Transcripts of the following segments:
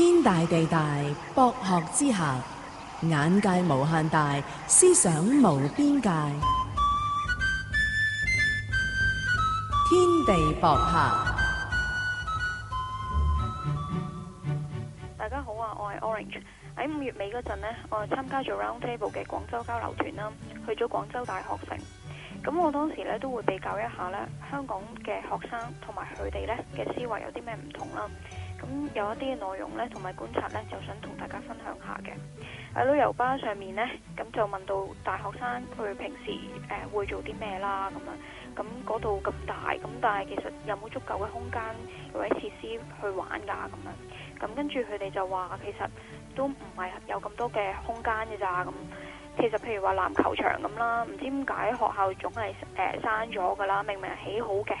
天大地大，博學之下，眼界無限大，思想無邊界。天地博客，大家好啊，我係 Orange。喺五月尾嗰陣呢，我係參加咗 Round Table 嘅廣州交流團啦，去咗廣州大學城。咁我當時咧都會比較一下咧，香港嘅學生同埋佢哋咧嘅思維有啲咩唔同啦。咁有一啲嘅內容咧，同埋觀察咧，就想同大家分享下嘅。喺旅遊巴上面呢，咁就問到大學生佢平時誒、呃、會做啲咩啦咁樣。咁嗰度咁大，咁但係其實有冇足夠嘅空間或者設施去玩噶咁樣？咁跟住佢哋就話其實都唔係有咁多嘅空間嘅咋。咁其實譬如話籃球場咁啦，唔知點解學校總係誒閂咗噶啦，明明係起好嘅。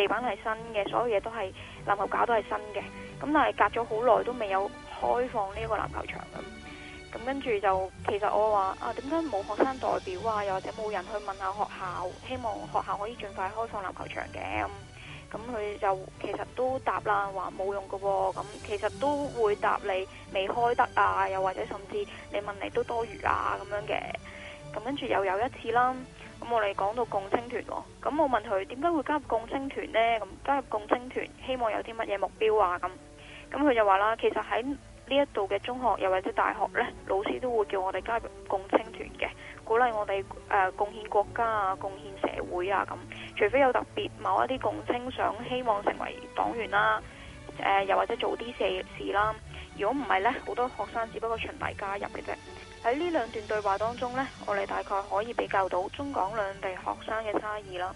地板係新嘅，所有嘢都係，籃球架都係新嘅，咁但係隔咗好耐都未有開放呢個籃球場咁，咁跟住就其實我話啊，點解冇學生代表啊，又或者冇人去問下學校，希望學校可以盡快開放籃球場嘅，咁佢就其實都答啦，話冇用噶啊，咁其實都會答你未開得啊，又或者甚至你問你都多餘啊咁樣嘅，咁跟住又有一次啦。咁我哋講到共青團咯，哦，咁我問佢點解會加入共青團呢？咁加入共青團希望有啲乜嘢目標啊？咁咁佢就話啦，其實喺呢一度嘅中學又或者大學呢，老師都會叫我哋加入共青團嘅，鼓勵我哋誒貢獻國家啊，貢獻社會啊。咁除非有特別某一啲共青想希望成為黨員啦，啊，誒、呃、又或者做啲事業事啦。如果唔係呢，好多學生只不過循例加入嘅啫。喺呢兩段對話當中呢，我哋大概可以比較到中港兩地學生嘅差異啦。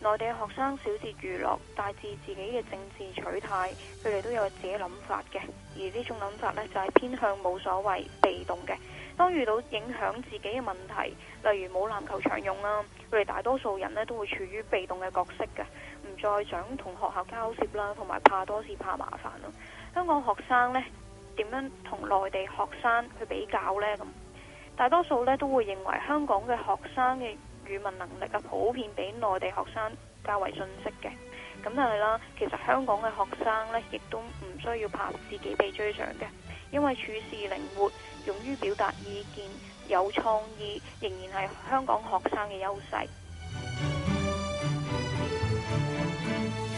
內地嘅學生小節娛樂，大致自己嘅政治取態，佢哋都有自己諗法嘅。而呢種諗法呢，就係偏向冇所謂、被動嘅。當遇到影響自己嘅問題，例如冇籃球場用啦，佢哋大多數人呢都會處於被動嘅角色嘅，唔再想同學校交涉啦，同埋怕多事怕麻煩咯。香港學生呢。點樣同內地學生去比較呢？咁大多數呢都會認為香港嘅學生嘅語文能力啊，普遍比內地學生較為遜色嘅。咁但係啦，其實香港嘅學生呢，亦都唔需要怕自己被追上嘅，因為處事靈活、勇於表達意見、有創意，仍然係香港學生嘅優勢。